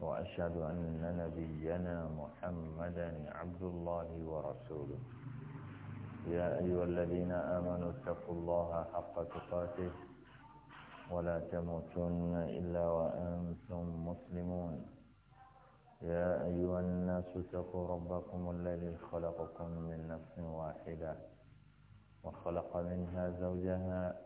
وأشهد أن نبينا محمدا عبد الله ورسوله يا أيها الذين آمنوا اتقوا الله حق تقاته ولا تموتن إلا وأنتم مسلمون يا أيها الناس اتقوا ربكم الذي خلقكم من نفس واحدة وخلق منها زوجها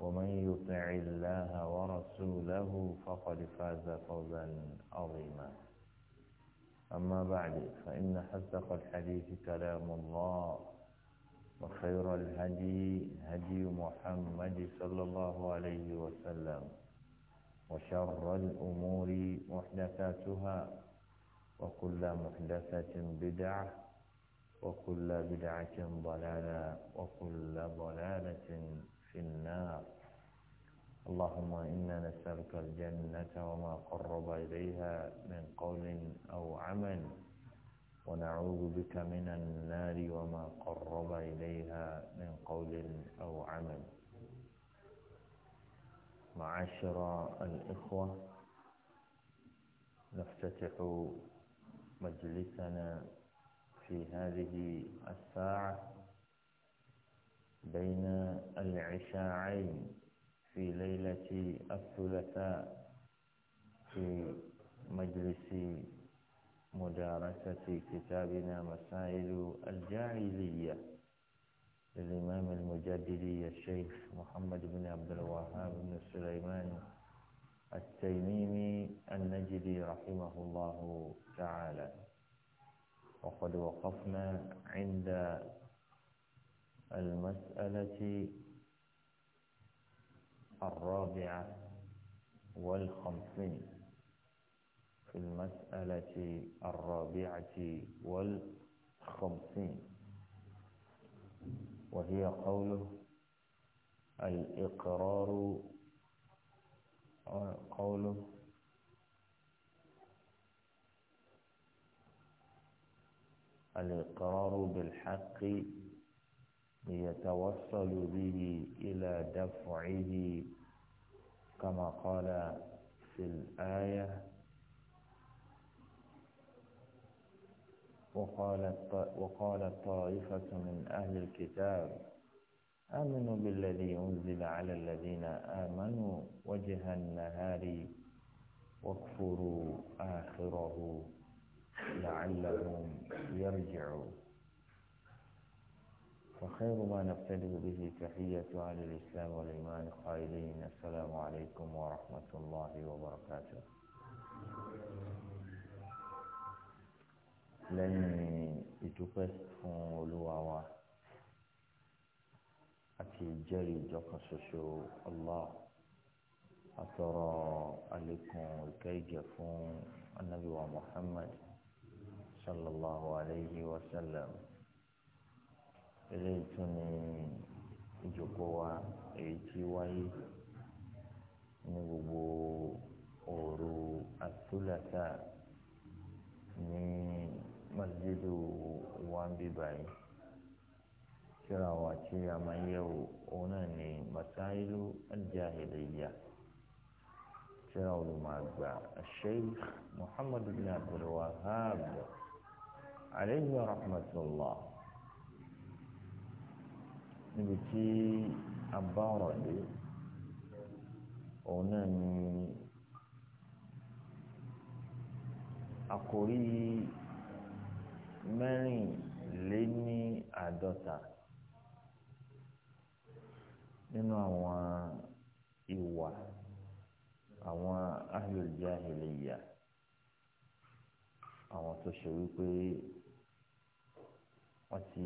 ومن يطع الله ورسوله فقد فاز فوزا عظيما أما بعد فإن حسق الحديث كلام الله وخير الهدي هدي محمد صلى الله عليه وسلم وشر الأمور محدثاتها وكل محدثة بدعة وكل بدعة ضلالة وكل ضلالة في النار اللهم إنا نسألك الجنة وما قرب إليها من قول أو عمل ونعوذ بك من النار وما قرب إليها من قول أو عمل معاشر الإخوة نفتتح مجلسنا في هذه الساعة بين العشاعين في ليلة الثلاثاء في مجلس مدارسة كتابنا مسائل الجاهلية للإمام المجددي الشيخ محمد بن عبد الوهاب بن سليمان التيميمي النجدي رحمه الله تعالى وقد وقفنا عند المسألة الرابعة والخمسين في المسألة الرابعة والخمسين وهي قوله الإقرار قوله الإقرار بالحق ليتوصلوا به إلى دفعه كما قال في الآية وقال طائفة من أهل الكتاب آمنوا بالذي أنزل على الذين آمنوا وجه النهار واكفروا آخره لعلهم يرجعون وخير ما نبتدئ به تحية على الإسلام والإيمان قائلين السلام عليكم ورحمة الله وبركاته لن يتوبس فون لواوا أتي جري جوكا سوشو الله أترى عليكم الكيجة فون النبي محمد صلى الله عليه وسلم eléyìí tún ni ìjókòó wa èyí tí wáyé ní gbogbo òru àtúlàtà ní masjidu wambi báyìí síra wa tí a máa yẹ wò òun náà ni masailu aljahiliya síra olùmọ̀gbà sheikh muhammadu bin abdulwahab aleyhi wa rahmatulah níbi tí a bá ọ̀rọ̀ dé òun náà ni àkòrí mẹ́rìnléní àádọ́ta nínú àwọn ìwà àwọn ahlul jahiliya àwọn tó ṣe wípé wọ́n ti.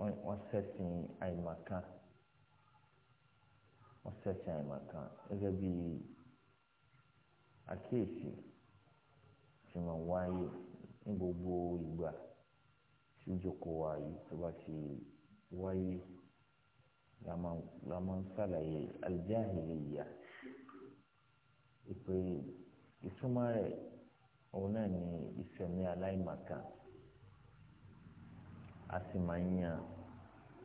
wọ́n sẹ̀sìn àìmọ̀kan wọ́n sẹ̀sìn àìmọ̀kan gẹ́gẹ́ bí àkíyèsí tí wọ́n wáyé ní gbogbo ìgbà tí ìjókòó wa yìí tó bá ti wáyé la máa ń sàlàyé aljahiliya ìpè ìtumọ̀ rẹ̀ òun náà ni ìsẹ̀mí aláìmọ̀kan a sì máa ń yàn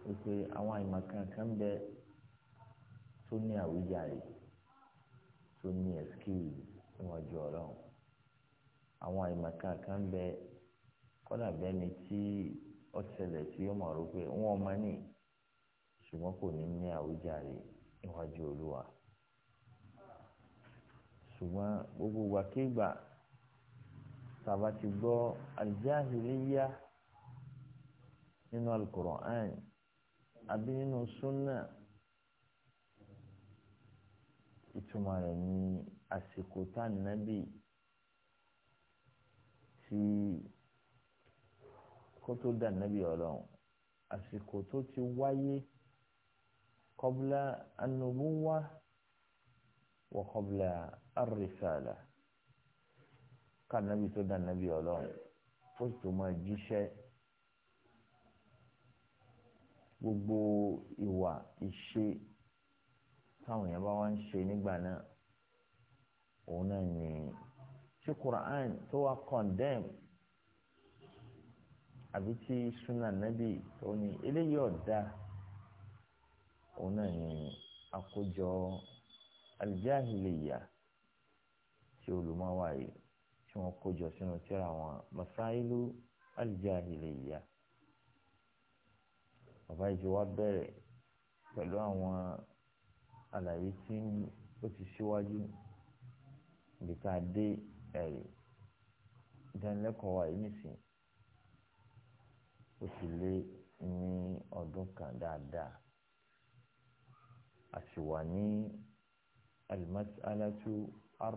wípé àwọn àìmọ̀ kankan bẹ tó ní àwíjàre tó ní ẹ̀skíwì níwájú ọlọ́run àwọn àìmọ̀ kankan bẹ kọ́dà bẹ́ni tí ó ṣẹlẹ̀ tí ó mọ̀ rò pé wọ́n máa ní ṣùgbọ́n kò ní ní àwíjàre níwájú olúwa ṣùgbọ́n gbogbo wàkígbà tàbá ti gbọ́ àlìjáhìlì yá nínú alukur'an àbí nínú súnà ìtumọ̀ rẹ̀ ní àsìkò tá nàbì tí kótó dà nàbì ọlọ́run àsìkò tó ti wáyé kọ́bùlà anubuwa wọ kọ́bùlà arìsàlà ká nàbì tó dà nàbì ọlọ́run ó sì tó máa jíṣẹ́ gbogbo ìwà ìṣe táwọn èèyàn bá wá ń ṣe nígbà náà òun náà ni tí Quran tó wá condemn àbí tí sunna nabi tó ní eléyìí ọ̀dà òun náà ni àkójọ aljahiliya tí olùmọ̀wá yìí tí wọ́n kójọ sínú tírà wọn masailu aljahiliya bàbá ìjọ wa bẹ̀rẹ̀ pẹ̀lú àwọn àlàyé tí ó ti ṣíwájú ibi tá a dé ẹ̀rì ìdánilẹ́kọ̀ọ́ wa yìí nìsín ó sì lé ní ọdún kan dáadáa a sì wà ní al-mas'alatu ar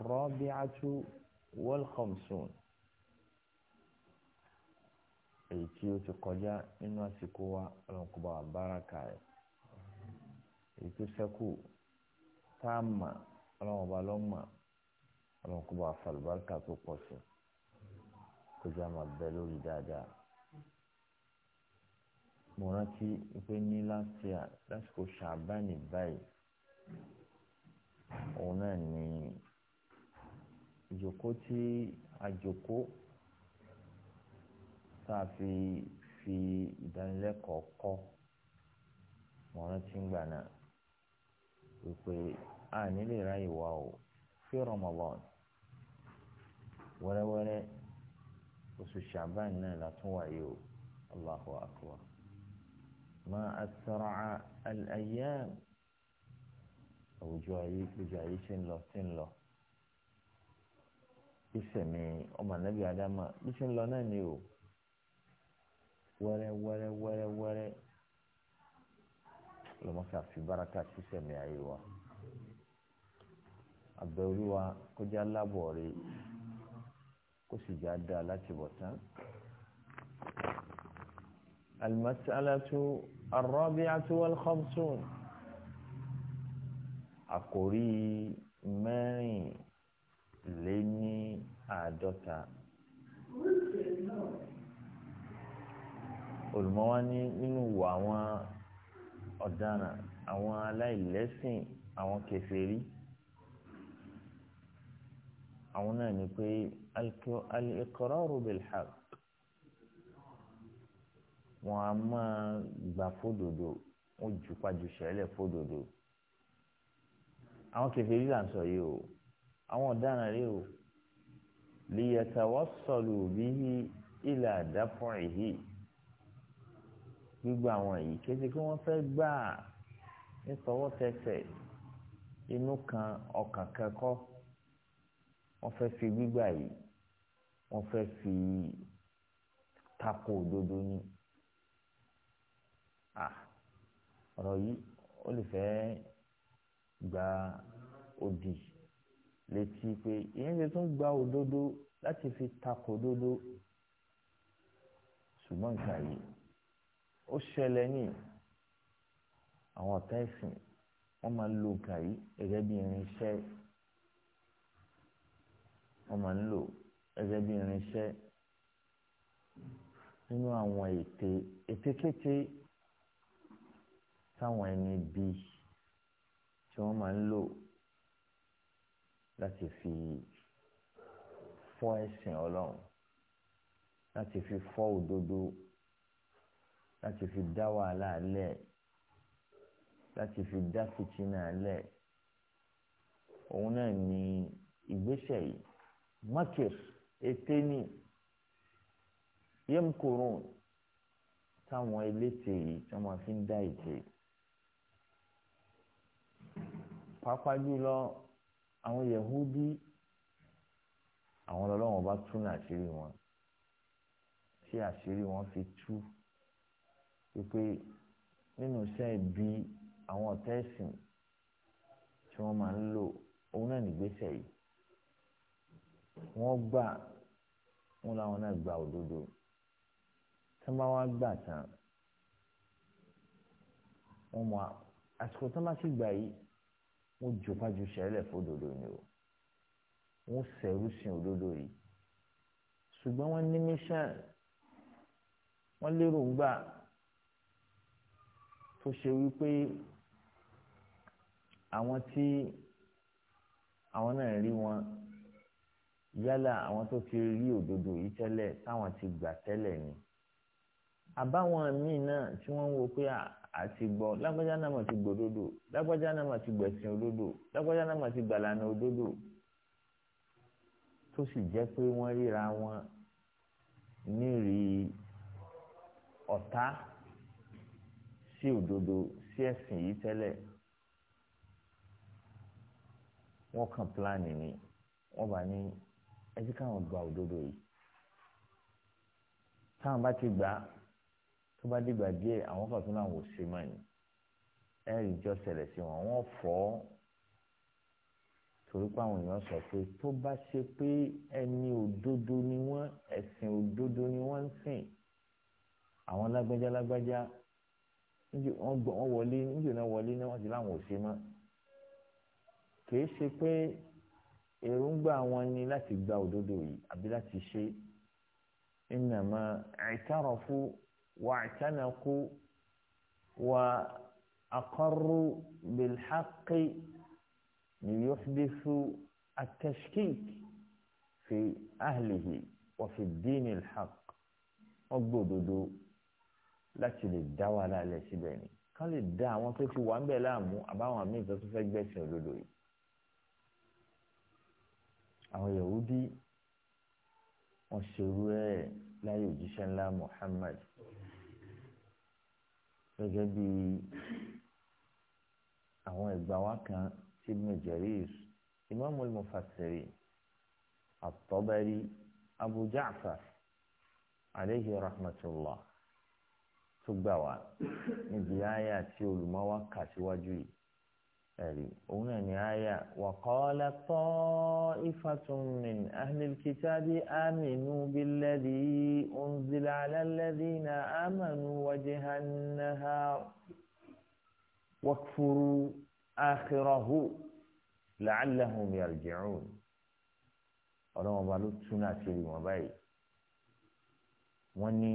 èyí tí ó ti kọjá nínú àsìkò wa ọlọ́nkọba àbáraka rẹ̀ èyí tó sẹ́kù tá a mà ọlọ́nkọba lọ́mà ọlọ́nkọba àfàlùbáríkà tó pọ̀ sí kó jẹ́ àmà bẹ́ẹ̀ lórí dáadáa. mo rántí pé ní last year lásìkò ṣàbánì báyìí òun náà ní ìjòkó tí àjòkó tá a fi fi ìdánilẹ́kọ̀ọ́ kọ́ mọ̀ rántí ń gbà náà wípé a nílè ráyè wá o fi Ramadan wẹ́rẹ́wẹ́rẹ́ oṣù Ṣàbán náà látún wáyé o Allahu akbar ma asra'a al-ayyam àwùjọ ayé gbèjà ayé ṣe ń lọ ṣe ń lọ ìsẹ̀mí ọmọ nàbí adama bí ṣe ń lọ náà ni o wẹ́rẹ́ wẹ́rẹ́ wẹ́rẹ́ wẹ́rẹ́ lọ́mọ́sá fi baraka sísẹ̀ mi ayé wa àbẹ̀ olúwa kó jẹ́ alábọ̀ rẹ̀ kó sì jẹ́ adá láti bọ̀ tán. المسألة الرابعة والخمسون àkòrí mẹ́rin lé ní olùmọ̀ wa ní nínú wà àwọn ọ̀daràn àwọn aláìlẹ́sìn àwọn kèfèrí àwọn náà ni pé al-iqraru bil-haqq wọn a máa gbà fódodo wọn jù pàjù sẹ́lẹ̀ fódodo àwọn kèfèrí là ń sọ yìí o àwọn ọ̀daràn rèé o liyatawassalu bihi ila daf'ihi gbogbo àwọn yìí kéde kí wọ́n fẹ́ gbà nítọwọ́ tẹsẹ̀ inú kan ọkàn kẹ́kọ́ wọ́n fẹ́ fi gbígbà yìí wọ́n fẹ́ fi tako òdodo ni ọ̀rọ̀ yìí ó lè fẹ́ gba òdì létí pé ìyẹn ti tún gba òdodo láti fi tako òdodo ṣùgbọ́n nǹkan yìí ó ṣẹlẹ̀ ní àwọn ọ̀tá ẹ̀sìn wọ́n máa ń lo nǹkan yìí gẹ́gẹ́ bí irinṣẹ́ wọ́n máa ń lò gẹ́gẹ́ bí irinṣẹ́ nínú àwọn ète ètekéte táwọn ẹni bí tí wọ́n máa ń lò láti fi fọ́ ẹ̀sìn ọlọ́run láti fi fọ́ òdodo láti fi dá wàhálà lẹ̀ láti fi dá fìtínà lẹ̀ òun náà ni ìgbésẹ̀ yìí makir ète ni yemkurun táwọn elétè yìí tí wọ́n fi ń dá ète pàápàá jùlọ àwọn yahudi àwọn ọlọ́wọ́n bá tún àṣírí wọn tí àṣírí wọn fi tú wípé nínú iṣẹ́ ibi àwọn ọ̀tá ẹ̀sìn tí wọ́n máa ń lò òun náà nígbésẹ̀ yìí wọ́n gbà wọ́n làwọn náà gba òdodo tí wọ́n bá wá gbà tán wọ́n mọ àsìkò tí wọ́n bá sì gbà yìí wọ́n jòpájú sẹ́lẹ̀ fódodo ni o wọ́n sẹ̀rú sin òdodo yìí ṣùgbọ́n wọ́n ní mission wọ́n lérò ń gbà tó ṣe wípé àwọn tí àwọn náà rí wọn yálà àwọn tó ti rí òdodo yìí tẹ́lẹ̀ táwọn ti gbà tẹ́lẹ̀ ni àbáwọn míì náà tí wọ́n ń wo pé àti gbọ́ lágbájá náà mà ti gbòdodo lágbájá náà mà ti gbẹ̀sìn òdodo lágbájá náà mà ti gbàlànà òdodo tó sì jẹ́ pé wọ́n ríra wọn nírìí ọ̀tá sí òdodo sí ẹ̀sìn yìí tẹ́lẹ̀ wọ́n kàn pílánì ni wọ́n bá ní ẹjí káwọn gba òdodo yìí táwọn bá ti gbà tó bá dìgbà díẹ̀ àwọn kan tó náà wò sí mọ́ ni ẹ̀rí jọ ṣẹlẹ̀ sí wọn wọ́n fọ́ torí pé àwọn èèyàn sọ pé tó bá ṣe pé ẹni òdodo ni wọ́n ẹ̀sìn òdodo ni wọ́n ń sìn àwọn lágbájá lágbájá wọ́n gbọ́ wọ́n wọlé níjò náà wọlé náà wọ́n ti láwọn ò ṣe mọ́ kìí ṣe pé èròǹgbà wọn ni láti gba òdodo yìí àbí láti ṣe innama i'tarafu wa i'tanaku wa aqarru bil haqqi liyuhdithu at fi ahlihi wa fi ad wọ́n gbọ́ òdodo láti lè dá wàhálà lẹ̀ síbẹ̀ ni kán lè dá àwọn tó ti wà ń bẹ̀ láàmú àbáwọn míì tó tún fẹ́ gbẹ̀sìn òdodo yìí. àwọn Yahudi wọ́n ṣerú ẹ̀ láyé òjíṣẹ́ ńlá Muhammad gẹ́gẹ́ bí àwọn ẹ̀gbà wa kan tí Ibn Jarir Imam al Abu Ja'far alayhi rahmatullah tó gbà wá níbi àyà tí olùmọ́wá kà síwájú yìí ẹ̀rí òun náà ní àyà wa qala ta'ifatun min ahlil kitabi aminu billadhi unzila ala alladhina amanu wajhan nahar wakfuru akhirahu la'allahum yarji'un ọlọ́wọ́n ló tún náà ṣe báyìí wọ́n ní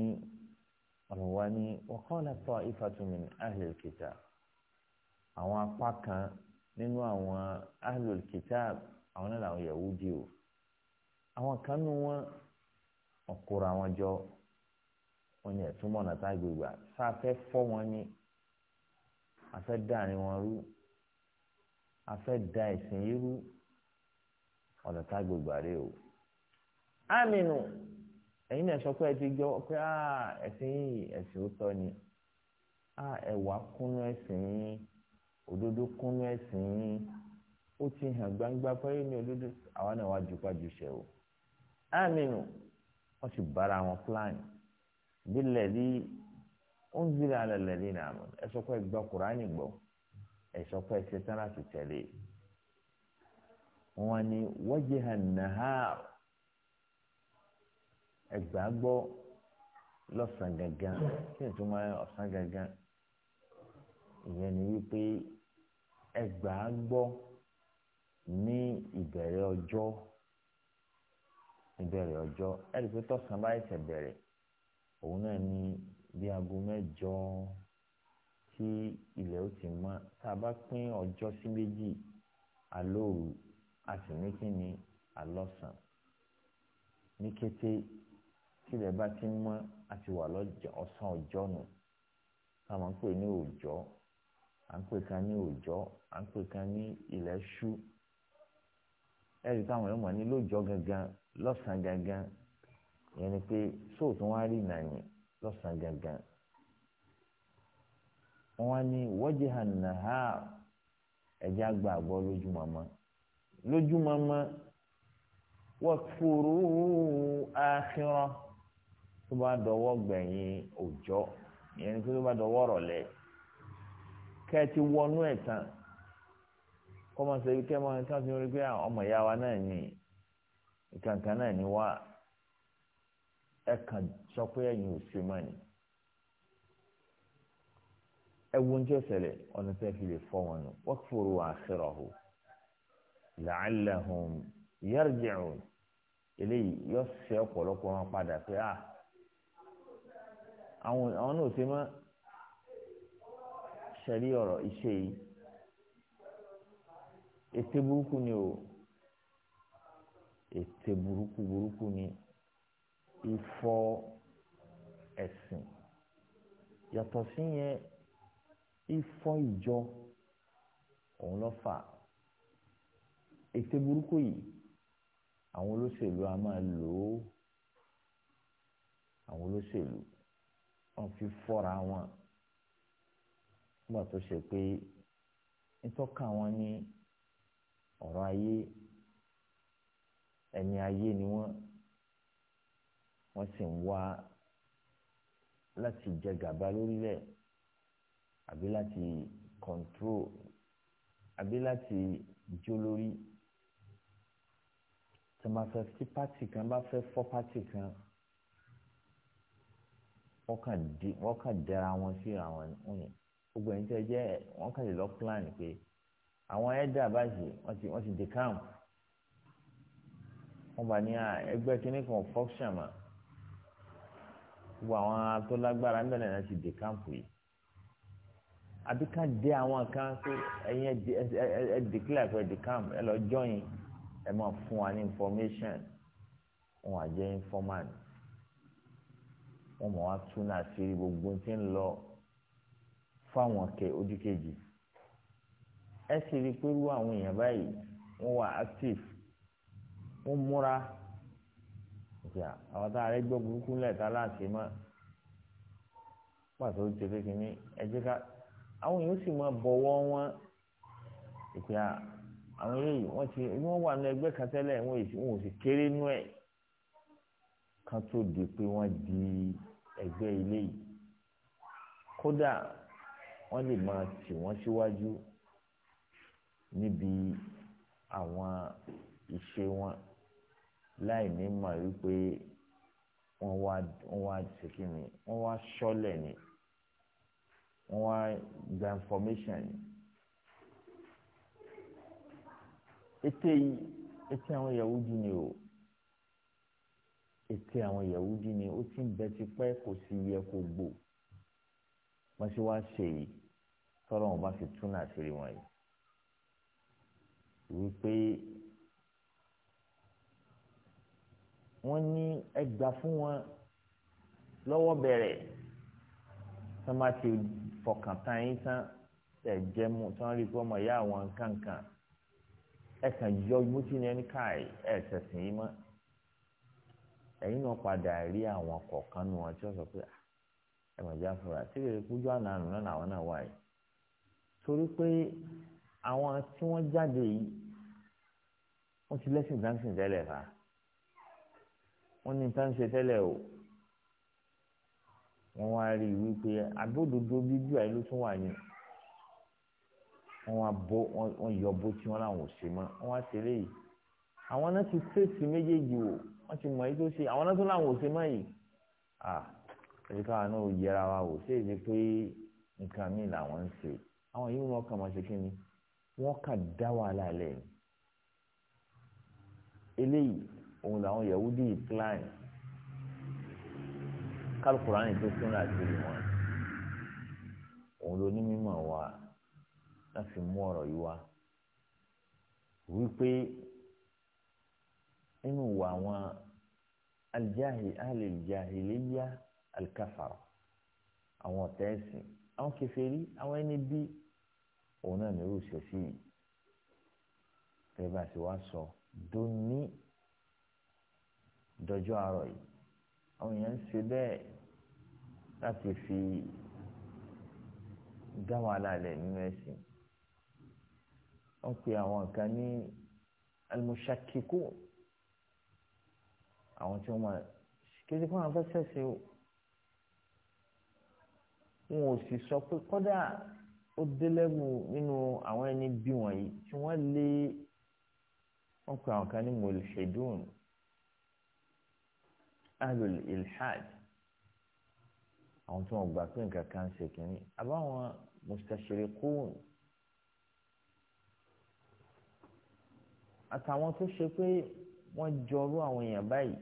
ọ̀rọ̀ wa ni wa qala ta'ifatu min ahlil kitab àwọn apá kan nínú àwọn ahlul kitab àwọn náà làwọn Yahudi o àwọn kan nínú wọn ọ̀kùnrin àwọn jọ wọn ni ẹ̀túnmọ̀ náà gbogbo à fọ́ wọn ni a dáàrin wọn rú a da ẹ̀sìn yìí rú ọ̀nà tá gbogbo àrẹ o. aminu ẹ̀yin náà sọ pé ẹ ti gbọ́ pé ẹ̀sìn yìí ẹ̀sìn òótọ́ ni ẹ̀wà kúnú ẹ̀sìn yìí òdodo kúnú ẹ̀sìn yìí ó ti hàn gbangba pẹ́yì ní òdodo àwa náà wá jùpájù ṣẹ̀ o aminu wọ́n sì bára wọn plan bílẹ̀ rí ó ń zíra alẹ́lẹ́ ní àmọ́ ẹ sọ pé ẹ gbọ́ kúránì gbọ́ ẹ sọ pé ẹ ṣetán láti tẹ̀lé wọn ni wọ́n jẹ́ hàn náà ẹgbàá gbọ́ lọ́sàn gangan kí ni túmọ̀ ọ̀sán gangan ìyẹn ni wípé ẹgbàá gbọ́ ní ìbẹ̀rẹ̀ ọjọ́ ìbẹ̀rẹ̀ ọjọ́ ẹ̀rí pé tọ̀sán bá ẹ̀sẹ̀ bẹ̀rẹ̀ òun náà ní bí aago mẹ́jọ tí ilẹ̀ ó ti mọ́ tá a bá pín ọjọ́ sí méjì alóòrù a sì ní kí ni alọ́sàn ní kété tílẹ̀ bá ti mọ́ àti wà lọ́jọ́ ọ̀sán ọjọ́ nù ká máa ń pè ní òòjọ́ à ń pè kan ní òòjọ́ à ń pè kan ní ilẹ̀ ṣú ẹ̀rí táwọn èèyàn mọ̀ ní lóòjọ́ gangan lọ́sàn gangan ìyẹn ni pé sóòtún wá rí nàní lọ́sàn gangan wọ́n ní wọ́jìhà nàá ẹ̀jẹ̀ àgbà àgbọ̀ lójúmọ̀mọ́ lójúmọ̀mọ́ wọ́n fòrò áhìrán tó bá dọwọ́ gbẹ̀yìn òjọ́ ìyẹn ni pé tó bá dọwọ́ rọ̀lẹ́ kẹ́ ẹ ti wọnú ẹ̀ tán kọ́ máa ṣe kẹ́ máa kí wọ́n ti rí pé ọmọ ìyá wa náà ní ìkàǹkà náà ní wá ẹ kàn sọ pé ẹ̀yin ò ṣe máa ẹ wo oúnjẹ ṣẹlẹ̀ ọ̀nà tẹ́ fi lè fọ́ wọn nù wakfuru akhirahu la'allahum yarji'un eléyìí yọ ṣe ọ̀pọ̀lọpọ̀ wọn padà pé ah àwọn àwọn náà ṣe mọ́ ṣẹ̀rí ọ̀rọ̀ iṣẹ́ yìí ète burúkú ni o ète burúkú burúkú ni ìfọ̀ ẹ̀sìn yàtọ̀ sí yẹn ìfọ̀ ìjọ òun ló fà ète burúkú yìí àwọn olóṣèlú a máa lò ó àwọn olóṣèlú wọ́n fi fọ́ra wọn nígbà tó ṣe pé nítọ́ka wọn ní ọ̀rọ̀ ayé ẹni ayé ni wọ́n wọ́n sì ń wá láti jẹ gàba lórílẹ̀ àbí láti kọ̀ǹtró àbí láti jó lórí tí wọ́n bá fẹ́ tí pátì kan bá fẹ́ fọ́ pátì kan wọ́n kàn dẹ́ra wọn síra wọn ní gbogbo ẹni tẹ́ jẹ́ wọ́n kàn lè lọ plan pé àwọn ẹ̀dá báyìí wọ́n ti wọ́n ti dé camp wọ́n bá ní ẹgbẹ́ kínní kan function mà gbogbo àwọn tó lágbára ńbẹ̀ náà ti dé camp yìí àbí ká dé àwọn kan pé ẹ̀yin ẹ̀ declare pé dé camp ẹ lọ join ẹ máa fún wa ní information wọn àjẹ́ informant wọ́n mọ̀ wá túnú àṣírí gbogbo tí ń lọ fáwọn kẹ ojú kejì ẹ sì rí i pé irú àwọn èèyàn báyìí wọ́n wà active wọ́n múra ìjà àwọn tá a rẹ gbọ́ burúkú lẹ́ẹ̀ta láti mọ́ pàtó ti fi kínní ẹ jẹ́ ká àwọn èèyàn sì máa bọ̀wọ́ wọn ìpè àwọn eléyìí wọ́n ti wọ́n wà ní ẹgbẹ́ kan tẹ́lẹ̀ wọ́n ò sì kéré nú ẹ̀ kan tó di pé wọ́n di ẹgbẹ́ ilé yìí kódà wọ́n lè máa tì wọ́n síwájú níbi àwọn ìṣe wọn láì ní mọ̀ wípé wọ́n wá wọ́n wá ṣèkí ni wọ́n wá ṣọ́lẹ̀ ni wọ́n wá gba information ni. ètè yìí ètè àwọn Yahudi ni o ète àwọn yahudi ni ó ti ń bẹ ti pẹ́ kò sì yẹ kó gbò wọ́n sì wá ṣe yìí tọ́lọ́ wọn bá fi tún náà ṣe rí wọn yìí wípé wọ́n ní ẹgbà fún wọn lọ́wọ́ bẹ̀rẹ̀ tí wọ́n bá ti fọkàn tán yín tán ẹ̀ jẹ́ mu tí wọ́n rí i pé ọmọ ìyá àwọn kankan ẹ̀ kàn yọ mutí ní ẹni káàyè ẹ̀ ṣẹ̀sìn yín mọ́ ẹ̀yin náà padà rí àwọn kọ̀ọ̀kan nu wọn tí wọ́n sọ pé ah, ẹ mọ̀ já fura tí kìí kújú àná àrùn náà làwọn náà wà yìí torí pé àwọn tí wọ́n jáde yìí wọ́n ti lẹ́sìn dáńsìn tẹ́lẹ̀ ká wọ́n ní tá ń ṣe tẹ́lẹ̀ o wọ́n wá rí i wípé agbódodo bíbí àyè ló tún wà ní wọ́n wá bó wọ́n yọ bó tí wọ́n làwọn ò ṣe mọ́ wọ́n wá ṣe léyìí àwọn náà ti fèsì méjèèjì wò wọ́n ti mọ̀ èyí ṣe àwọn náà tó ṣe mọ́ yìí à ẹ̀jẹ̀ náà ò yẹra wa ò ṣe é pé nǹkan míì làwọn ń ṣe àwọn yìí wọ́n kà máa ṣe kí ni wọ́n kà dá wàhálà lẹ̀ eléyìí òun làwọn Yahudi plan kálukùránì tó fún láti rí wọn òun ló ní mímọ̀ wa láti mú ọ̀rọ̀ yìí wá wípé nínú ìwà àwọn alìjáhì alìjáhìlẹ́yà alìkàfàrà àwọn ọ̀tá ẹ̀sìn àwọn kèfèrí àwọn ẹni bí òun náà ní irú ìṣesí yìí gẹ́gẹ́ bá a ti wá sọ dóní dọjọ́ àárọ̀ yìí àwọn èèyàn ń ṣe bẹ́ẹ̀ láti fi dá wàhálà lẹ̀ nínú ẹ̀sìn wọ́n pe àwọn kan ní alimusakiko àwọn tí wọ́n máa kéde fún àwọn afẹ́sẹ̀ ṣe o wọn ò sì sọ pé kọ́dà ó délẹ́gù nínú àwọn ẹni bí wọ̀nyí tí wọ́n lé wọ́n pe àwọn kan ní mọ̀lẹ́ṣẹ̀dùn alul ilhad àwọn tí wọ́n gbà pé nǹkan kan ṣe kìíní àbáwọn mustashirikun àtàwọn tó ṣe pé wọ́n jọrú àwọn èèyàn báyìí.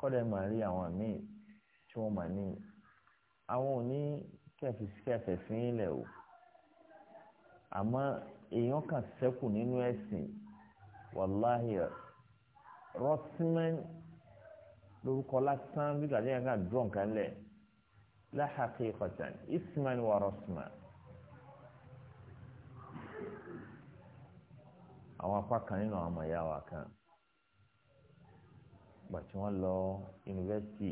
kọ́dẹ̀ máa rí àwọn míì tí wọ́n máa ní àwọn ò ní ilẹ̀ o àmọ́ èèyàn kan sẹ́kù nínú ẹ̀sìn wàláhì rọ́tímẹ́n lórúkọ lásán bí gàdé yẹn kàn dùn kan lẹ̀ láhàkì ìkọ̀tàn isman wà àwọn apá kan nínú gbà tí wọ́n lọ yunifásitì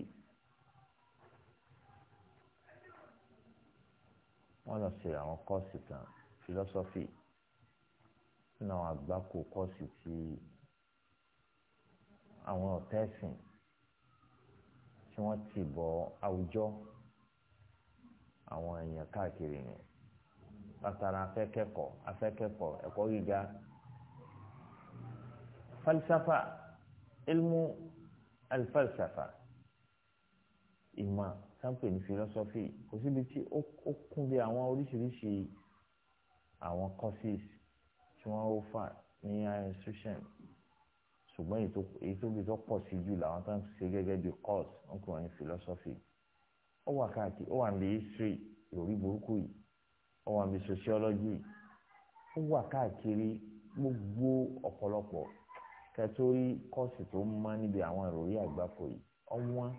wọ́n lọ ṣe àwọn kọ́ọ̀sì kan philosophy nínú àwọn àgbákò kọ́ọ̀sì tí àwọn ọ̀tá ẹ̀sìn tí wọ́n ti bọ̀ àwùjọ àwọn èèyàn káàkiri ni látara afẹ́kẹ́kọ̀ọ́ afẹ́kẹ́kọ̀ọ́ ẹ̀kọ́ gíga falsafa ilmu alifalsafa ìmọ̀ sáńpè ní philosophy kò síbi tí ó kún bí àwọn oríṣiríṣi àwọn courses tí wọ́n ó fà ní institution ṣùgbọ́n èyí tó bí tó pọ̀ sí jù làwọn tó ń ṣe gẹ́gẹ́ bí course ń pè wọ́n ó wà káàkiri ó wà níbi history lórí burúkú yìí ó wà níbi sociology ó wà káàkiri gbogbo ọ̀pọ̀lọpọ̀ kẹtórí kọ́ọ̀sì tó ń mọ́ níbi àwọn ìròrí àgbákò yìí ọ̀wọ́n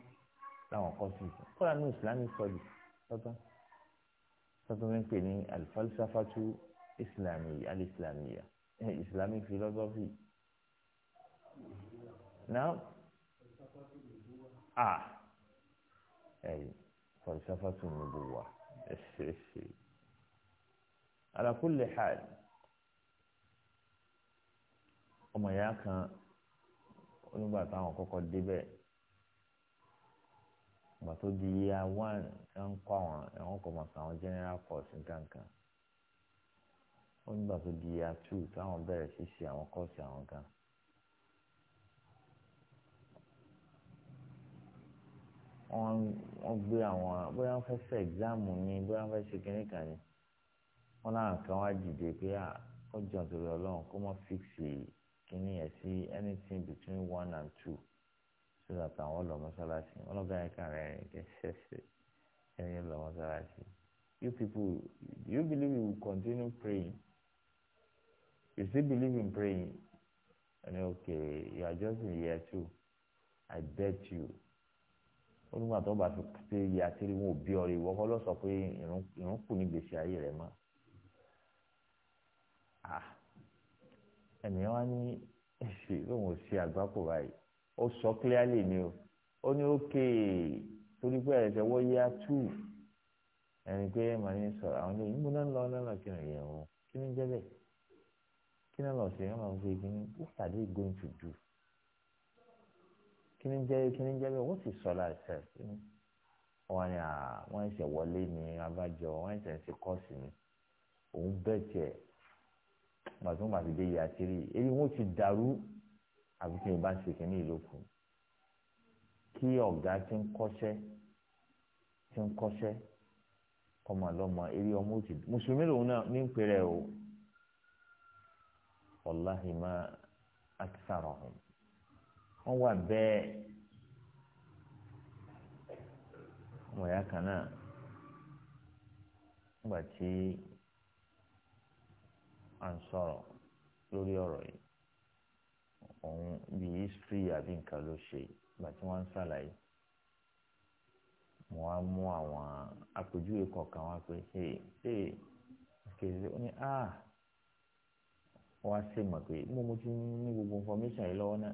láwọn kọ́ọ̀sì yìí kọ́ra ní islamic studies tọ́tọ́ tọ́tọ́ ń pè ní alifalisafatu islami alislamiya islamic philosophy now ah ẹ̀yìn falsafatu nubuwa ala kulli hal ọmọ ìyá kan onígbà táwọn kọ́kọ́ débẹ̀ ìgbà tó di year one ẹ̀ ń kọ́ àwọn ẹ̀wọ̀n kọ̀ mọ̀ sáwọn general course nǹkan kan ó nígbà tó di year two táwọn bẹ̀rẹ̀ sí ṣe àwọn kọ́ọ̀sì àwọn kan. wọ́n wọ́n gbé àwọn bóyá wọ́n fẹ́ ṣe ẹ̀gzáàmù ni bóyá wọ́n fẹ́ ṣe kínní kan ni wọ́n láwọn kan wá dìde pé à kọjọ nítorí Ọlọ́run kó má fíìsì kìíní yẹn sí anything between one and two so that àwọn lọ mọ́sálásí ọlọ́gá yẹn kàn rẹ̀ rìn kẹ́ ṣẹ̀ṣẹ̀ ẹni lọ mọ́sálásí you people do you believe you will continue praying you still believe in praying ẹni okay you are just in year two I bet you onígbà tó bá fi ṣe iye àtìrí wọn ò bí ọ̀rẹ́ ìwọ kọ́ ló sọ pé ìrún kù ní gbèsè ayé rẹ mọ́ ah ẹnìyàn wá ní èsì lóun ò ṣe àgbákò báyìí ó sọ clearly ni o ó ní ókè torí pé ẹ̀rẹ̀tẹ̀ wọ́ yá tù ẹni pé màá ní sọ àwọn ní ìmú náà lọ náà kí ni ìyẹn wọn kí ni jẹ́ kí ni lọ́ọ̀ṣẹ̀ yẹn máa ń fi kí ni what are they going to do kí ni jẹ́ kí ni jẹ́ bẹ́ẹ̀ what is sọ́lá ẹ̀sẹ̀ kí ni wọn ni à ah, wọn ẹsẹ wọlé ni abájọ wọn ẹsẹ ń ṣe kọ́ọ̀sì ni òun bẹ́ẹ̀ tiẹ̀ gbàtí wọn bá ti dé yìí àṣírí wọn ti dàrú àbí tí yorùbá ń ṣe ọ̀gá ti ń kọ́ṣẹ́ ti ń kọ́ṣẹ́ kọ́mọ lọ́mọ eré ọmọ òtì mùsùlùmí lòun náà ní o à ń sọ̀rọ̀ lórí ọ̀rọ̀ yìí òun bí history àbí nǹkan ló ṣe ìgbà tí wọ́n ń ṣàlàyé mo wá mú àwọn àpèjúwe kọ̀ọ̀kan wá pé ṣe ṣe kèsì ó ní a ah. wá ṣe mọ̀ pé mo mo ti ní gbogbo information yìí lọ́wọ́ náà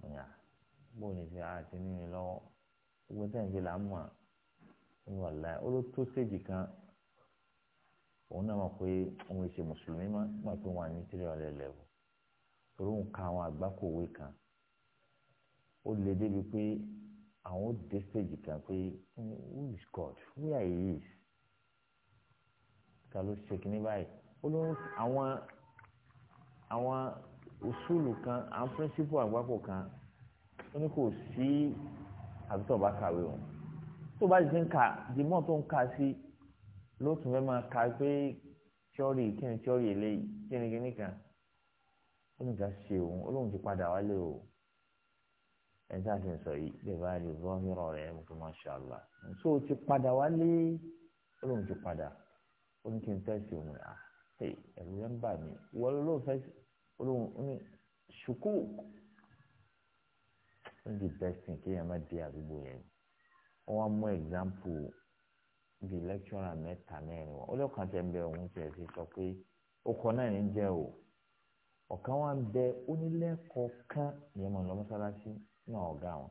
mo ah. bó ni ṣe àti ah, ní mi lọ́wọ́ gbogbo tẹ̀ ń ṣe là ń mọ̀ ní wàlá ó ló tó stage kan òun náà mọ̀ pé òun ṣe mùsùlùmí mọ́ mọ̀ pé wọ́n á ní three hundred level torí òun ka àwọn àgbákòwé kan ó lè débi pé àwọn ó dé stage kan pé who is God where he is ta ló ṣe kíní báyìí ó ló ń àwọn àwọn òṣùlù kan àwọn principle àgbákò kan ó ní kò sí àbí bá kàwé o tó bá ti ń kà dìmọ́ tó ń kà sí. Si, lóòtún fẹ́ máa ka pé tíọ́rì kí ni tíọ́rì eléyìí kí ni kíní kan ó ní ká ṣe òun ó lóun ti padà wálé o ẹni tí a ti ń sọ yìí lè bá lè bọ́ mìíràn rẹ̀ mo fi masha Allah so ti padà wálé ó lóun ti padà ó ní kí n fẹ́ ṣe òun à ẹ̀rù rẹ̀ ń bà mí wọ́n lóun fẹ́ ó lóun ní ṣùkú ó ní the best thing kéèyàn má dé àdúgbò yẹn wọ́n á mú example bíi lecturer mẹ́ta mẹ́rin wọn ọlọ́kàn tẹ̀ ń bẹ òun tẹ̀ sí sọ pé ó kọ náà ní jẹ́ o ọ̀kan wa ń bẹ onílẹ́kọ̀ọ́ kan yẹn mọ̀ lọ mọ́sálásí náà ọ̀gá wọn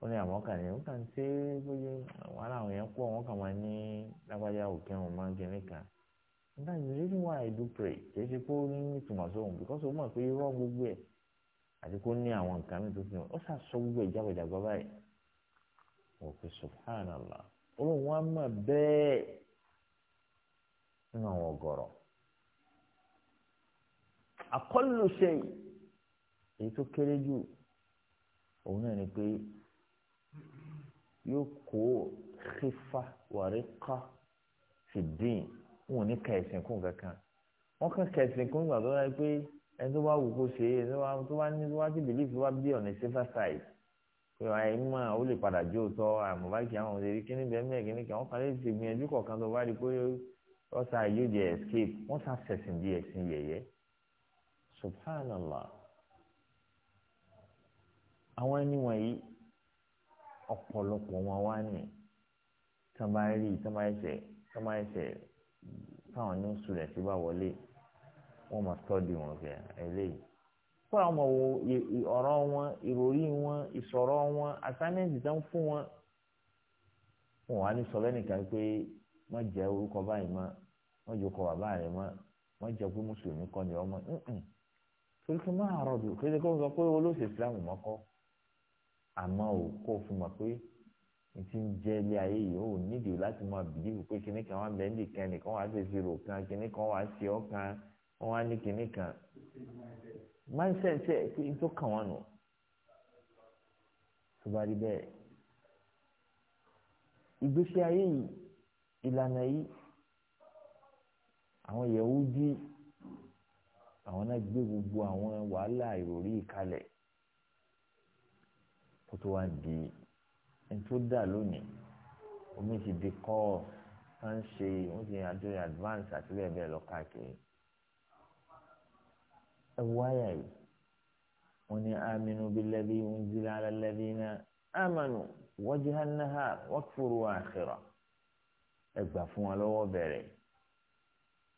ó ní àwọn kan yẹn ó kàn ṣe bóyá wọn làwọn yẹn kú àwọn kan máa ní lágbájá òkè wọn máa ń gẹ̀rẹ́ kan that is the reason why I do pray kì í ṣe kó ní ìtumọ̀ sóhun because ó mọ̀ pé irọ́ gbogbo ẹ̀ àti kó ní àwọn nǹkan mi tó fi hàn ó ṣàṣọ gbogbo ìjábọ̀dàgbọ́ báyìí wọ́n pe subhanallah òun wọn mọ̀ bẹ́ẹ̀ nínú àwọn ọ̀gọ̀rọ̀ àkọlù ṣe èyí tó kéré jù òun náà ni pé yóò kó xífà wàríkà fìdín wọn ò ní ka ẹ̀sìn kún kankan wọn kàn ka ẹ̀sìn kún gbàgbọ́ wáyé pé ẹni tó bá wù kó ṣe é ẹni tó bá ní tó bá ti bìlífù wá bí ọ̀nà ìṣẹ́fà ṣáìsì pé àyè mọ ó lè padà jó tọ àmọ́ báyìí kí àwọn òṣèré kíní bẹ́ẹ̀ mẹ́ẹ̀ kíní kí àwọn parí ti gbìyànjú kọ̀ọ̀kan tó bá rí pé wọ́n sa yóò jẹ escape wọ́n sa sẹ̀sìn di ẹ̀sìn yẹ̀yẹ́ subhanallah àwọn ẹni wọ̀nyí ọ̀pọ̀lọpọ̀ wọn wá ní tọ́mọ̀rí tọ́mọ̀ẹ́sẹ̀ tọ́mọ̀ẹ́sẹ̀ táwọn ní sùrẹ̀ sí bá wọlé wọ́n máa tọ́jú wọn kẹ́ eléyìí kó àwọn ọmọ wo ọ̀rọ̀ wọn ìròrí wọn ìsọ̀rọ̀ wọn assignment tó ń fún wọn wọn wá ní sọ lẹ́nìkan pé wọ́n jẹ́ orúkọ báyìí mọ́ wọ́n jẹ́ orúkọ bàbá rẹ̀ mọ́ wọ́n jẹ́ pé mùsùlùmí kọ́ ni ọmọ torí kí n máa rọ̀ bí kéde kó n sọ pé olóòṣè islam mọ́kọ́ àmọ́ ò kó fún mọ̀ pé n ti ń jẹ́ ilé ayé yìí ó nídìí láti máa bìlíìfù pé kinní kan wá bẹ́ẹ̀ nìkan nìkan wá ṣe ìṣirò kan kinní kan wá ṣe ọ̀kan wọ́n wá ní kinní kan máa ń ṣẹ̀ṣẹ̀ pé n tó kàn wọ́n nù tó bá rí bẹ́ẹ̀ ìgbésí ayé yìí ìlànà yìí àwọn Yẹhudi àwọn náà gbé gbogbo àwọn wàhálà ìròrí ìkalẹ̀ kó tó wá di n tó dà lónìí omi ti di kọ́ ọ́ à ń ṣe wọ́n ti àjọyọ̀ advance àti bẹ́ẹ̀ bẹ́ẹ̀ lọ káàkiri ẹwọ àyà yìí wọn ni aminu billadhi unzila ala alladhina amanu wajhan nahar wakfuru akhira ẹ gbà fún wa lọ́wọ́ bẹ̀rẹ̀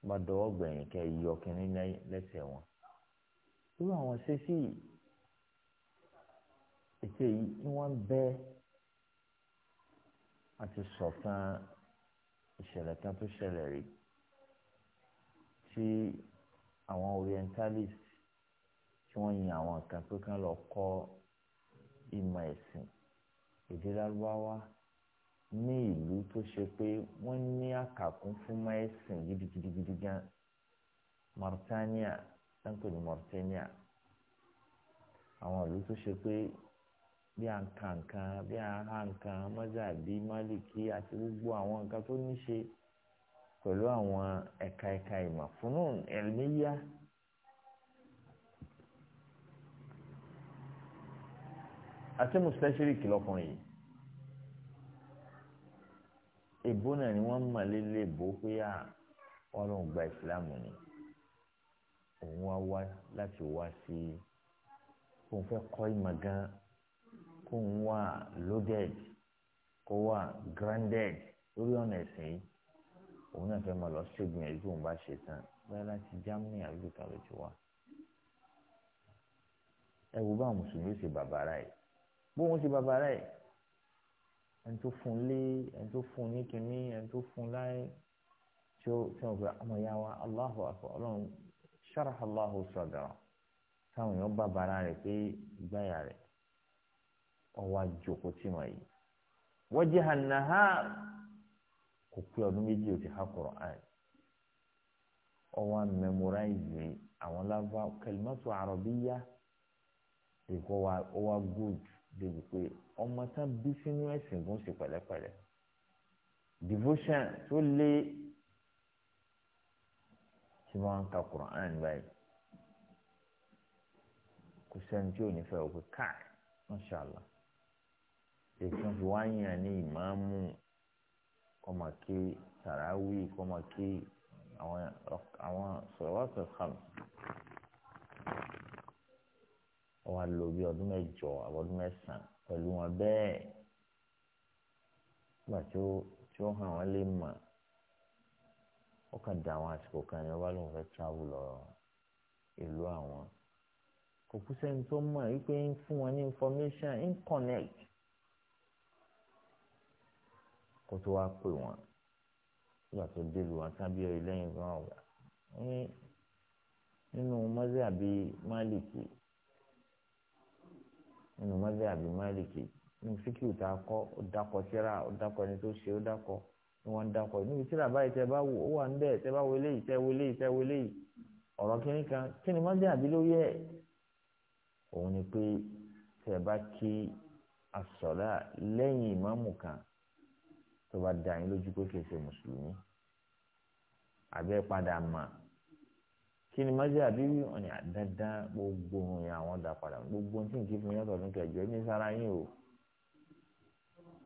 bá dọ́wọ́ gbẹ̀yìn kẹ́ yọ kínní lẹ́sẹ̀ wọn irú àwọn ṣẹ́sí ètò yìí ni bẹ àti sọ̀kan ìṣẹ̀lẹ̀ kan tó ṣẹlẹ̀ rí tí àwọn orientalist tí wọ́n yin àwọn kan pé kí wọ́n lọ kọ́ ìmọ̀ ẹ̀sìn èdè lárúbáwá ní ìlú tó ṣe pé wọ́n ní àkàkún fún mọ́ ẹ̀sìn gidigidigidi gan Mauritania tanko ní Mauritania àwọn ìlú tó ṣe pé bí à ń ka nǹkan bí à ń ha nǹkan mọ́sàbí málìkí àti gbogbo àwọn nǹkan tó ní ṣe pẹ̀lú àwọn ẹ̀ka ẹ̀ka ìmọ̀ fúnnú ẹ̀lmíyá. àti mùsùlùmí lọkùnrin yìí èbó náà ni wọ́n mọ̀ lélẹ̀ èbó pé à ọlọ́run gba ìsìlámù ni òun wá wá láti wá sí òun fẹ́ kọ́ ìmọ̀ gan kóun wà loaded kó wà grounded lórí ọ̀nà ẹ̀sìn yìí òun náà fẹ́ mọ̀ lọ ṣègùn ẹ̀ tí òun bá ṣe tán bẹ́ẹ̀ láti Germany àbí ìkàwé ti wá ẹ wo báwọn mùsùlùmí ṣe bàbá ara yìí bóun ṣe bàbá rẹ̀ ẹni tó fún lé ẹni tó fún ní kínní ẹni tó fún láyé tí ó tí wọn gba ọmọ ìyá wa Allahu akbar Ọlọ́run ṣaraha Allahu sadra táwọn èèyàn bàbá rẹ̀ pé ìgbáyà rẹ̀ ọwọ́ àjòkó tì mọ̀ yìí wajiha nahar kò pé ọdún méjì ó ti há Qur'an ọwọ́ memorize àwọn lábá kalimatu arabiya èkó wa ọwọ́ good débi pé ọmọ tán bí sínú ẹ̀sìn gún sí pẹ̀lẹ́pẹ̀lẹ́ devotion tó lé tí wọ́n ń ka Quran báyìí kò sẹ́ni tí ò ní fẹ́ òkè káì mọ́ṣáláà ètò tí wọ́n á yàn ní ìmáàmù kọ́mà kí tàràwí kọ́mà kí àwọn àwọn sọ̀rọ̀ wá sọ̀rọ̀ kàmù ó wá lò bí ọdún mẹ́jọ àbọ̀dún mẹ́sàn-án pẹ̀lú wọn bẹ́ẹ̀ nígbà tí ó tí ó hàn wọ́n lè mọ̀ ó kàn dá àwọn àsìkò kan ní ọba lóun fẹ́ travel lọ ìlú àwọn kò kú sẹ́ni tó mọ̀ wípé ń fún wọn ní information ń connect kó tó wá pè wọ́n nígbà tó dé wọn tán bí ẹ lẹ́yìn fún àwọn ọ̀gá nínú mọ́sẹ̀ àbí máàlìkì nínú mọ́tò àbí máàlìkì nínú fíkìú tá a kọ́ ó dákọ̀ síra ó dákọ̀ ẹni tó ṣe ó dákọ̀ ni wọ́n ń dákọ̀ níbi síra báyìí tẹ́ bá wò ó wà níbẹ̀ tẹ́ bá wọlé yìí tẹ́ wọlé yìí tẹ́ wọlé yìí ọ̀rọ̀ kínní kan kí ni mọ́tò àbí ló yẹ òun ni pé tẹ́ bá kí asọ̀lá lẹ́yìn ìmáàmù kan tó bá dá yín lójú pé kìí ṣe mùsùlùmí àbẹ́ padà mà kí ni májè àbíbí wọn ni àdandan gbogbo ohun yẹn àwọn dà padà gbogbo ohun tí n kì í fún yín ọ̀tọ̀ ní kẹjọ ní sára yín o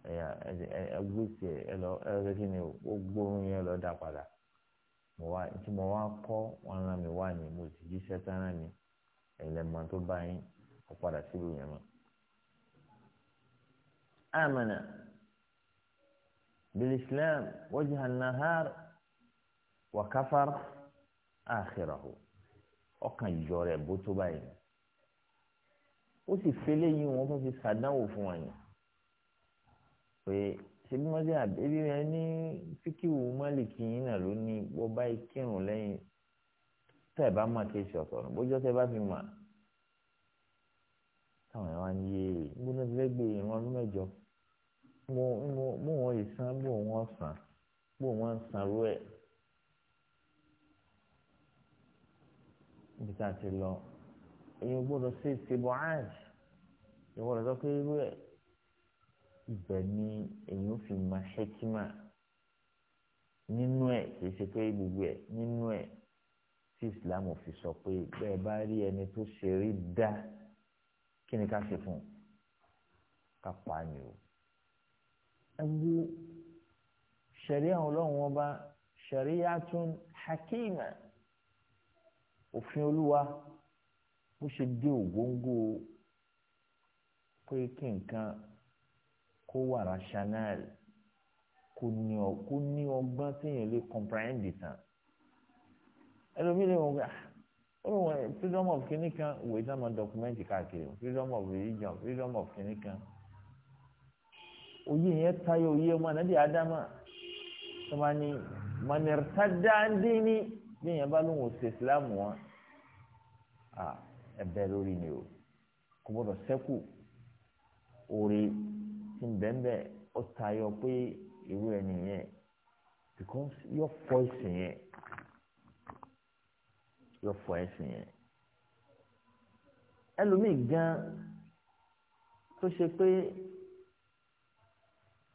ẹgbẹ́ tiẹ̀ ẹ lọ ẹ lọ kí ni o gbogbo ohun yẹn lọ dà padà mo wá tí mo wá kọ́ wọn rán mi wá ni mo sì jíṣẹ́ tán rán mi ẹ̀lẹ́mọ̀ tó bá yín ó padà sílùú yẹn mọ́. آمن بالإسلام وجه النهار وكفر akhirahu ọkàn ìjọ rẹ̀ bó tó báyìí ó sì fẹ́lẹ́ yìí wọ́n tún fi ṣàdánwò fún wọn yìí pé ṣé bí wọ́n ṣe àbẹ́bí rẹ̀ ní fíkìwù málìkì yìí náà ló ní bó báyìí kírun lẹ́yìn tẹ́ ẹ̀ bá mọ̀ kí ṣe ọ̀tọ̀ ọ̀nà bójú ọ̀tẹ́ bá fi mọ̀ táwọn ẹ̀ wá ń gbóná ti fẹ́ gbé ìran ọdún mẹ́jọ mo mo mo wọn ìsan bó wọn sàn bó wọn sàn ẹ̀. níbi tá a ti lọ èyàn gbọ́dọ̀ ṣe tibuaj èyàn gbọ́dọ̀ sọ pé irú ẹ̀ ibẹ̀ ni èyàn fi ma hekima nínú ẹ̀ kì í ṣe pé gbogbo ẹ̀ nínú ẹ̀ tí islam fi sọ pé bẹ́ẹ̀ bá rí ẹni tó ṣe rí dá kí ni ká ṣe fún un ká pa á ní o ẹ wo ṣẹ̀ríà ọlọ́run ọba ṣẹ̀ríà tún hakima òfin olúwa bó ṣe dé ògóńgó pé kí nǹkan kó wà rational kó ní ọ kó ní ọgbọ́n téèyàn lè comprehend tán ẹlòmíì lè wọ́n gbà ah, ó freedom of kìnnì kan wò ó dáná dọ́kúmẹ́ǹtì káàkiri freedom of religion freedom of kìnnì kan òye yẹn tayọ òye ọmọ ànábì ádámà tó máa ní mọ̀nẹ́rẹ́tà bí bá lóun ò ṣe ìsìláàmù wọn ẹ̀bẹ̀ lórí ni o kò gbọ́dọ̀ ṣẹ́kù òre tí ń bẹ́ẹ̀nbẹ́ ó tayọ pé irú ẹni yẹn because yóò fọ ẹ̀sìn yẹn yóò fọ ẹ̀sìn yẹn ẹlòmíì gan tó ṣe pé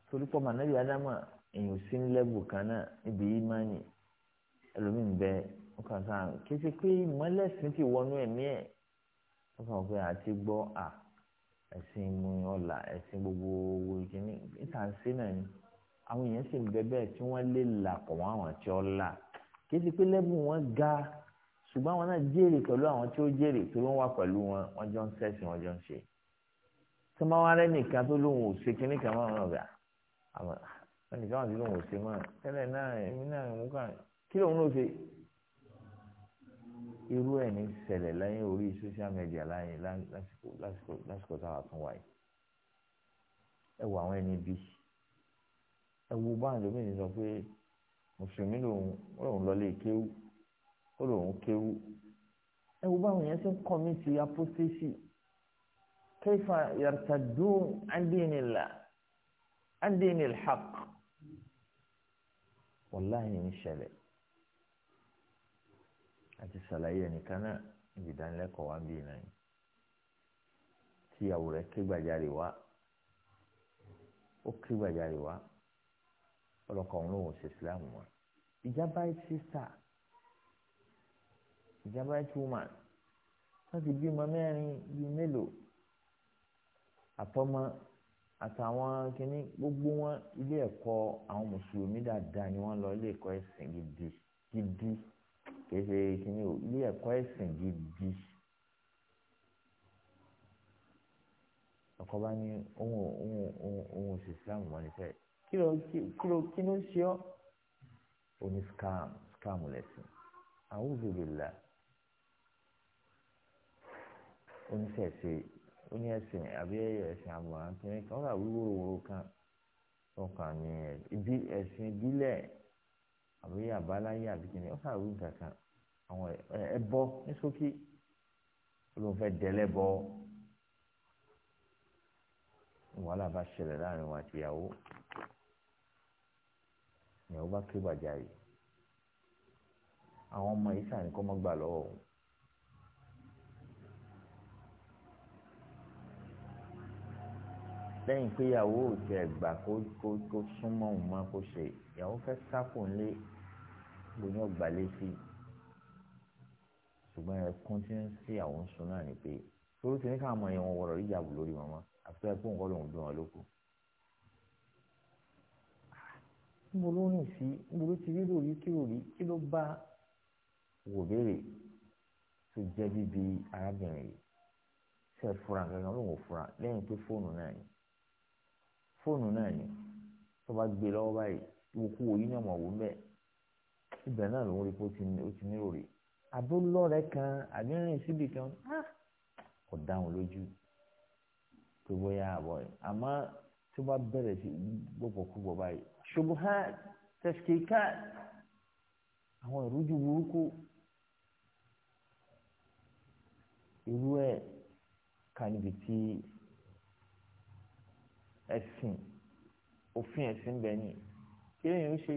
torí pọ́ mànàbí ádámà èèyàn ò sí ní lẹ́bù kan náà níbi ìmánì ẹlòmíì bẹ ọkàn sáà kété pé ìmọ̀lẹ́sìn ti wọnú ẹ̀mí ẹ̀ ọkàn pé àti gbọ́ à ẹ̀sìn mu ọ̀la ẹ̀sìn gbogbo owó ìkíní ìtànsí náà ni àwọn èèyàn sì ń bẹ bẹ́ẹ̀ tí wọ́n lè là pọ̀ mọ́ àwọn tí ó là kété pé lẹ́bùn wọn ga ṣùgbọ́n àwọn náà jèrè pẹ̀lú àwọn tí ó jèrè tí wọ́n wà pẹ̀lú wọn wọ́n jọ ń sẹ́sìn wọ́n jọ ń ṣe tí wọ́n wá rẹ́ nìkan tó lóun ò ṣe kíní kan mọ́ ọ̀gá àwọn ẹnìkan wà sí lóun ò ṣe mọ́ tẹ́lẹ̀ náà èmi náà mú kàn kí lóun ló ṣe irú ẹ̀ ní ṣẹlẹ̀ lẹ́yìn orí social media láyìn lásìkò lásìkò lásìkò táwa tún wáyé ẹ wo àwọn ẹni bí ẹ wo báńdì omi sọ pé mùsùlùmí lòun lòun lọlé kéwú ó lòun kéwú ẹ wo báwọn yẹn ṣe ń kọ́mìtì apostasy kẹfà yartadun andinila andinil haq wàláhìn ń ṣẹlẹ̀ àti ṣàlàyé ẹnìkan náà níbi ìdánilẹ́kọ̀ọ́ wa ń bí náà tí ìyàwó rẹ̀ ké gbàjarè wá ó ké gbàjarè wá ọlọ́kọ̀ òun lòun ṣe ìsìláàmù wọn ìjábá sísà ìjábá woman wọ́n ti bímọ mẹ́rin bíi mélòó àtọmọ àtàwọn kìnnì gbogbo wọn ilé ẹ̀kọ́ àwọn mùsùlùmí dáadáa ni wọ́n lọ ilé ẹ̀kọ́ ẹ̀sìn gidi gidi kì í ṣe kíní o ilé ẹ̀kọ́ ẹ̀sìn gidi ọkọ bá ní ohun ohun ohun ohun oṣù islam wọn ni fẹ kí ló kí ló kí ló ń ṣe ọ ó ní scam scam lẹsìn àwọn òbílẹ̀lá oníṣẹ̀ṣe oníṣẹ̀ṣe àbí ẹ̀sìn àbọ̀ràn kìnìún kan wà wíwòrò kan wọn kàn ní ẹ̀sìn ìbílẹ̀ àbí àbáláyé àbí kìnìún ọ̀sán àwí nǹkan kan àwọn ẹbọ ní sókí ló ń fẹ́ dẹ́lẹ́bọ wàhálà bá ṣẹlẹ̀ láàrin wọn àti ìyàwó ìyàwó bá ké gbàjarì àwọn ọmọ yìí sàn ní kọ́ mọ́ gbà lọ́wọ́ òun. lẹ́yìn pé ìyàwó ò tiẹ̀ gbà kó kó kó súnmọ́ òun mọ́ kó ṣe ìyàwó fẹ́ sápò ńlé bó ní ọgbà lé sí ṣùgbọ́n ẹkún tí ń sí àwọn ń sun náà ni pé torí ti ní káwọn ọmọ yẹn wọn wọ̀rọ̀ yíyà wù lórí wọn mọ́ àfihàn ẹkún nǹkan lòún dùn wọn lóko. níbo ló rìn sí níbo ló ti rí ròrí kí ròrí kí ló bá wò béèrè tó jẹ́ bíbi arábìnrin yìí ṣe fura gangan ló ń wò fura lẹ́yìn pé fóònù náà ni fóònù náà ni tó bá gbé lọ́wọ́ báyìí wò kú òyìn náà mọ̀ wò ń bẹ́ẹ̀ ibẹ̀ náà lòún rí pé ó ti nírò rè àbó lọ́rẹ̀ kan àbí rìn síbì kan kò dá wọn lójú tó bóyá àbọ̀ àmọ́ tó bá bẹ̀rẹ̀ sí gbọ́pọ̀ kú bọ̀ báyìí ṣubuha tẹ̀síkà àwọn ìrújú burúkú irú ẹ̀ ká níbi tí ẹ̀sìn òfin ẹ̀sìn bẹ́ẹ̀ ni kí lèyìn ó ṣe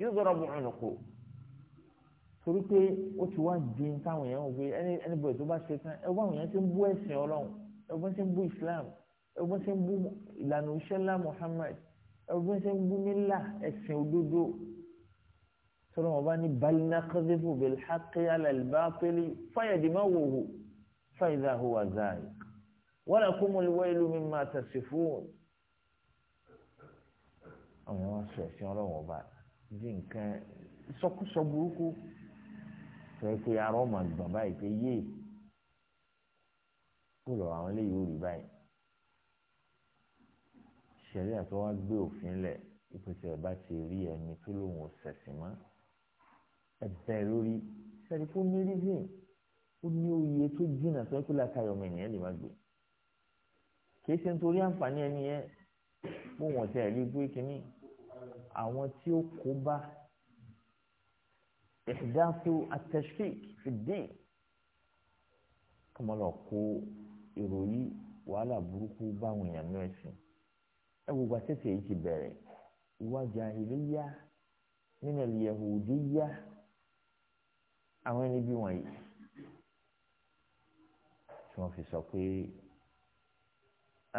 yóò gbọ́dọ̀ bọ̀ ọ̀nà kò torí pé ó ti wá di táwọn èèyàn ń gbé anybody tó bá ṣe tán ẹ wọ́n àwọn èèyàn ti ń bú ẹ̀sìn ọlọ́run ẹ wọ́n ti ń bú islam ẹ wọ́n ti ń bú ìlànà ìṣẹ́lá muhammad ẹ wọ́n ti ń bú nílà ẹ̀sìn òdodo sọ̀rọ̀ wọn bá ní balina kazefu bilhaqi alalbaapeli fayadimawohu fayidahu wazari wala kumul wailu mimma tasifun àwọn èèyàn wá sọ ẹ̀sìn ọlọ́run ọba di nǹkan ìsọkúsọ burúkú fẹ́ pé arọ́ mà gbọ̀n báyìí pé yé kó lọ àwọn eléyìí ò rí báyìí ṣẹlẹ̀ àti wọn gbé òfin lẹ ìpèsè ọba ti rí ẹni tó lòun ò ṣẹ̀sìn mọ́ ẹ̀bẹ̀ lórí sẹ́ni fún ní rízìn ó ní òye tó jìnnà tó kí láta yọmọ ènìyàn lè má gbé kìí ṣe nítorí àǹfààní ẹni yẹn bó wọn tẹ ẹ rí gbé kínní àwọn tí ó kó bá ìdáṣu àtẹ̀sík fìdí kọmọlọ kó ìròyìn wàhálà burúkú báwọn èèyàn náà ẹ̀sìn ẹ gbogbo àtẹ̀sẹ̀ yìí ti bẹ̀rẹ̀ ìwà jàhílíyà nínú yahudiyya àwọn ẹni bí wọ̀nyí tí wọ́n fi sọ pé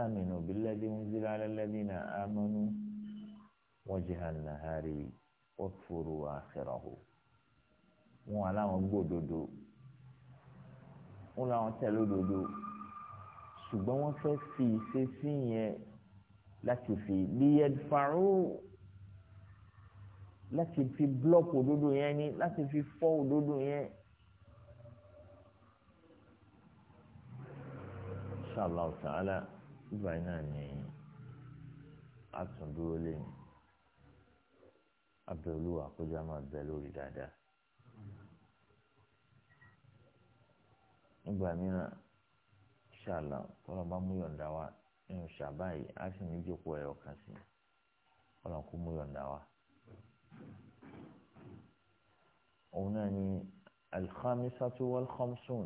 aminu billadhi unzila ala alladhina amanu wajhan nahari wakfuru akhirahu wọn wà láwọn gbòdodo wọn làwọn tẹ̀lé òdodo ṣùgbọ́n wọ́n fẹ́ fi ìṣesí yẹn láti fi liyẹdfàrú láti fi blọọkù òdodo yẹn ni láti fi fọ́ òdodo yẹn. inshallah ta'ala ìgbà náà ni a tún dúró lẹ́yìn abẹ́olúwa kó jẹ́ máa bẹ lórí dáadáa. nígbà mìíràn ṣàlà tọ́lọ́ bá mú yọ̀ǹda wa nínú ṣàbá yìí á sì ní ìjókòó ẹ̀ ọ̀kan sí ọ̀nà kó mú yọ̀ǹda wa. òun náà ni alkhamisatu walkhamsun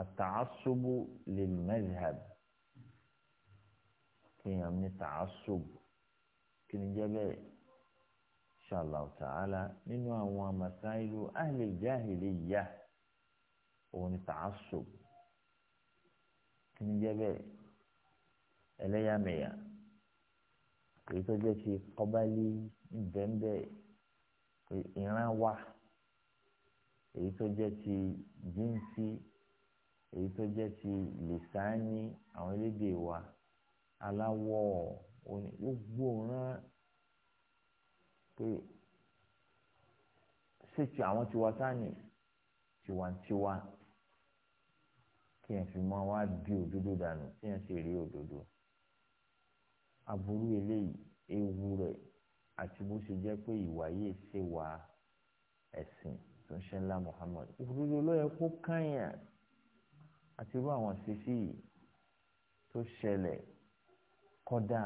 àtàásùbù lil madhhab kéèyàn ní tàásùbù kí ni jẹ́ ṣàlà ta'ala nínú àwọn masáìlú ahlil jahiliyyah òun ni tààsù kí ni jẹ́ bẹ́ẹ̀ ẹlẹ́yàmẹ̀yà èyí tó jẹ́ ti kọ́bálí bẹ́ẹ̀nbẹ́ẹ̀ ìran wà èyí tó jẹ́ ti jíǹsì èyí tó jẹ́ ti lìsáánì àwọn elédè wa aláwọ̀ òní gbogbo òran pé ṣé ti àwọn tiwa sáà ní tiwantiwa kí ẹ fi máa wá di òdodo dànù kí ẹ sì rí òdodo aburú eléyìí ewu rẹ̀ àti bó ṣe jẹ́ pé ìwà yìí ṣe wà ẹ̀sìn tó ń ṣe ńlá Muhammad òdodo ló yẹ kó káyàn àti irú àwọn ṣíṣí yìí tó ṣẹlẹ̀ kọ́dà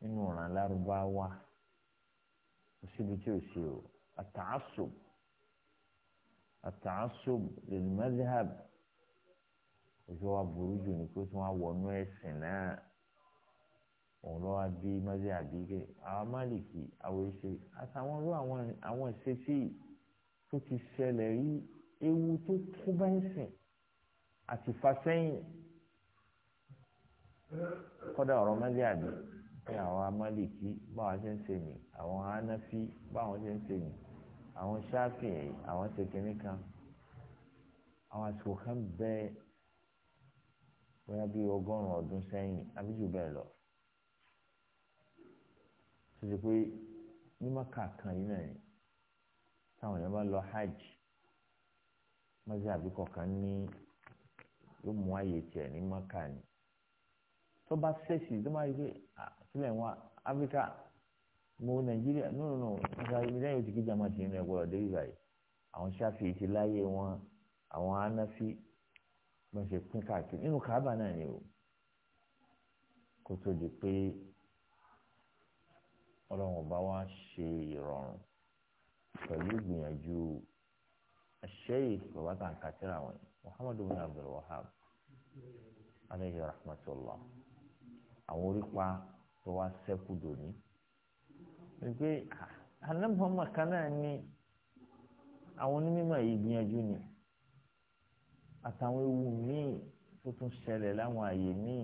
nínú ọ̀ràn lárúbáwá kò síbi tí ò ṣe o àtàásùn àtàásùb lèlùmẹ́dìhàb oṣù wa burú jù ní kó tí wọ́n wọnú ẹ̀sìn náà òun lọ́wọ́ bí mẹ́dìhàbí kẹ́ àwọn máàlìkì àwọn ìṣe àtàwọn irú àwọn ìṣesí tó ti ṣẹlẹ̀ rí ewu tó kó bá ẹ̀sìn àti fasẹ́yìn kọ́dà ọ̀rọ̀ mẹ́dìhàbí pé àwọn máàlìkì báwọn ṣe ń ṣe nì àwọn anáfí báwọn ṣe ń ṣe nì àwọn ṣáàfì àwọn ṣe kínní kan àwọn àsìkò kan bẹ bóyá bíi ọgọ́rùn ọdún sẹ́yìn àbí jù lọ tó pé ní maka yìí náà ni táwọn èèyàn bá lọ hajj mọ́sí àbí kọ̀ọ̀kan ní yóò mú ààyè tiẹ̀ ní maka ni tó bá ṣèṣì tó bá rí pé sílẹ̀ ń áfíríkà mo nàìjíríà no no no nígbà yìí lẹ́yìn òtí kíjà máa ti rìn ẹ̀gbọ́n débi báyìí àwọn ṣáfì ti láyé wọn àwọn anáfì bọ́n ṣe pín káàkiri nínú kábà náà ni o kó tó di pé ọlọ́run ọba wa ṣe ìrọ̀rùn pẹ̀lú ìgbìyànjú Sheikh bàbá kan kàtírà wọn Muhammadu bin Abdul Wahab alayhi rahmatullah àwọn orípa tó wá sẹ́kù dòní pé anábọ́mọ kan náà ni àwọn onímọ̀ yìí gbìyànjú ni àtàwọn ewu míì tó tún ṣẹlẹ̀ láwọn àyè míì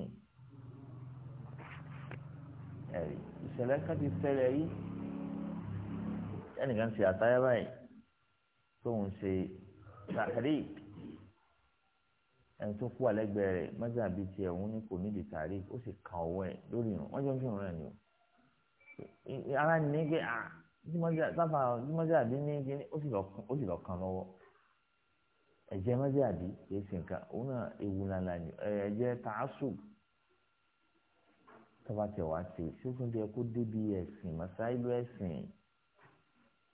ẹ̀rí ìṣẹ̀lẹ̀ kan ti ṣẹlẹ̀ yìí ẹnìkan ṣe àtayá báyìí tóun ṣe tahrik ẹni tó kú àlẹ́gbẹ̀ẹ́ rẹ̀ mọ́jà bíi tiẹ̀ òun ni kò nídìí tahrik ó sì kan ọwọ́ ẹ̀ lórí irun wọ́n jọ ń fi irun rẹ̀ ni o ara ní pé a jímọ́jà sábà jímọ́jà àbí ní kíní ó sì lọ kàn lọ́wọ́ ẹ̀jẹ̀ mọ́jà àbí kì í nǹkan ewu lànà ni ẹ̀jẹ̀ tààsù tọ́ba tẹ̀ wá sí i ṣókùn tó yẹ kó débi e si, ẹ̀sìn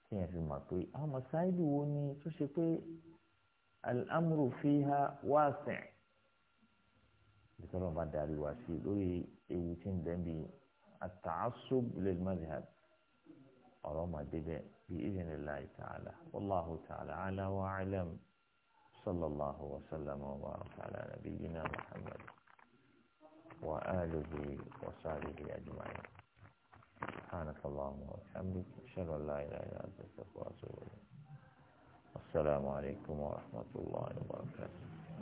kí ẹ̀ fi mọ̀ pé àwọn wo ni tó ṣe pé darí wá ewu tí التعصب للمذهب أرام دبع بإذن الله تعالى والله تعالى على وأعلم صلى الله وسلم وبارك على نبينا محمد وآله وصحبه أجمعين سبحانك اللهم وبحمدك أشهد أن لا إله إلا أنت أستغفرك وأتوب إليك السلام عليكم ورحمة الله وبركاته